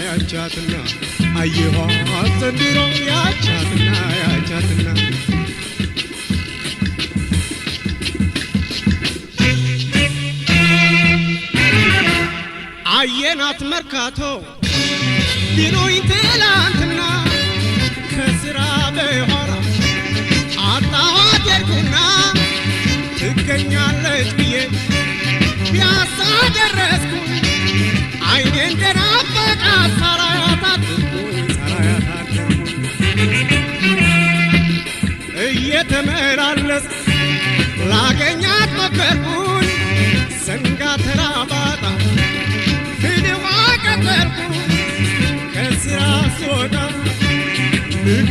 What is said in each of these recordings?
ያቻትና አየኋ ዘንድሮ ያቻትና ያቻትና አየናት መርካቶ ሊሉኝ ትላንትና ከስራ በኋላ አጣኋት ሄድኩና ትገኛለች ብዬ ፒያሳ ደረስኩ አይኔ እንደናፈቃ ሰራያታት ሰራያታት እየተመላለስ ላገኛት ሞከርኩኝ ሰንጋ ተራባጣ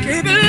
Thank you.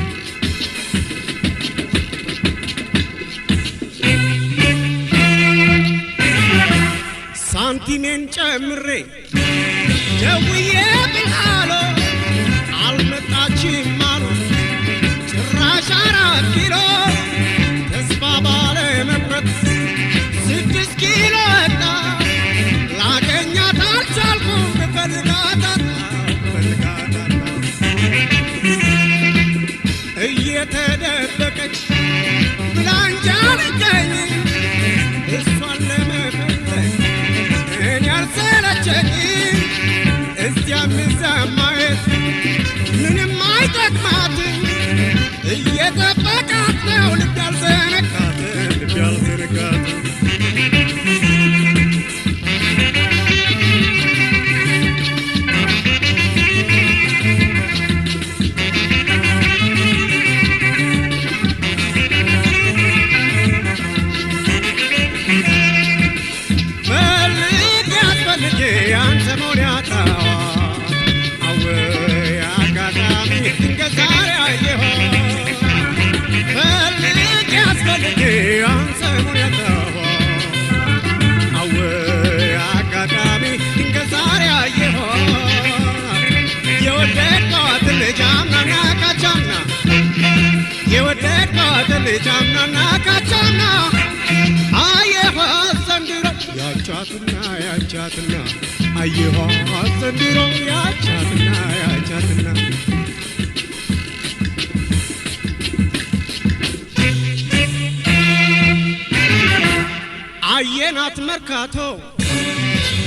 ሐኪሜን ጨምሬ ደውዬ ሀገር ጫምናና ካቻምና አየኋት ዘንድሮ ያቻትና ያቻትና አየኋት ዘንድሮ ያቻትና ያቻትና አየናት መርካቶ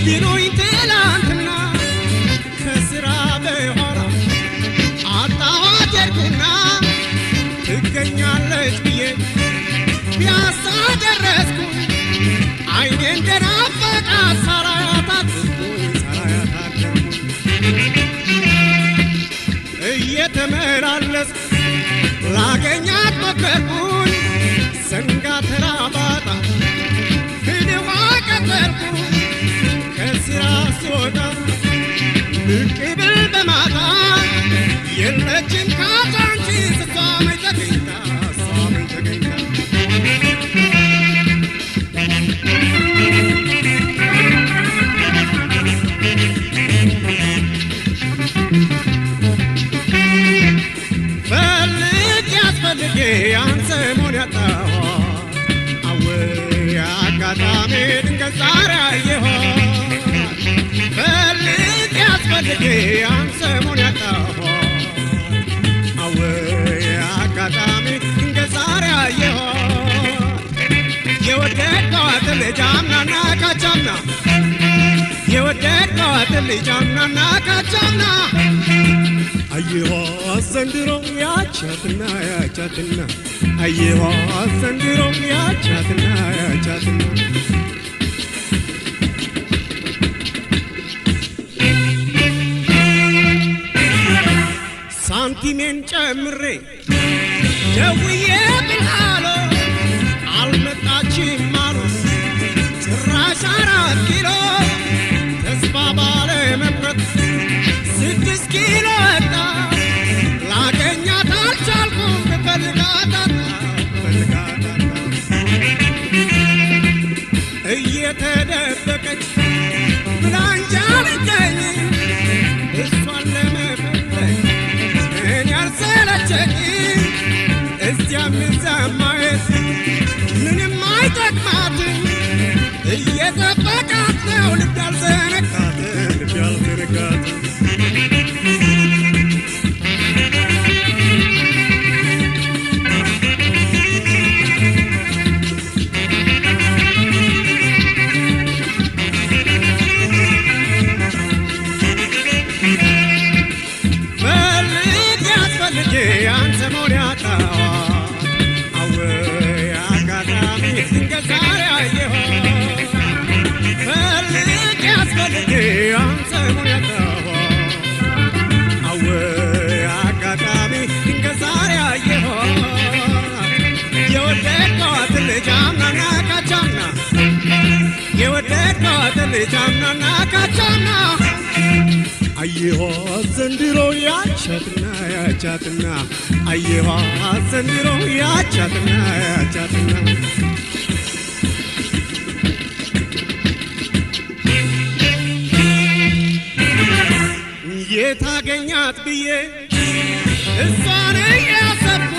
ቢሉኝ ትላንትና ከስራ enterar. አጋጣሚ እንገዛር ያየሆ የወደድከዋት ልጅ አምናና ካቻምና የወደድከዋት ልጅ አምናና ካቻምና አየሆ ዘንድሮ ያቻትና ያቻትና አየሆ ዘንድሮ ያቻትና ያቻትና ሐኪሜን ጨምሬ ደውዬ ብላሎ አልመጣችም አሉ። ጭራሽ አራት ኪሎ ተስፋ ባለ ባለመቁረጥ ስድስት ኪሎ ወጣ ላገኛት አልቻልኩም ፈልጋታ እየተደበ ጃምናና ካቻምና አየኋት ዘንድሮ ያቻትና ያቻትና አየኋት ዘንድሮ ያቻትና ያቻትና የታገኛት ብዬ እሷን እያሰብ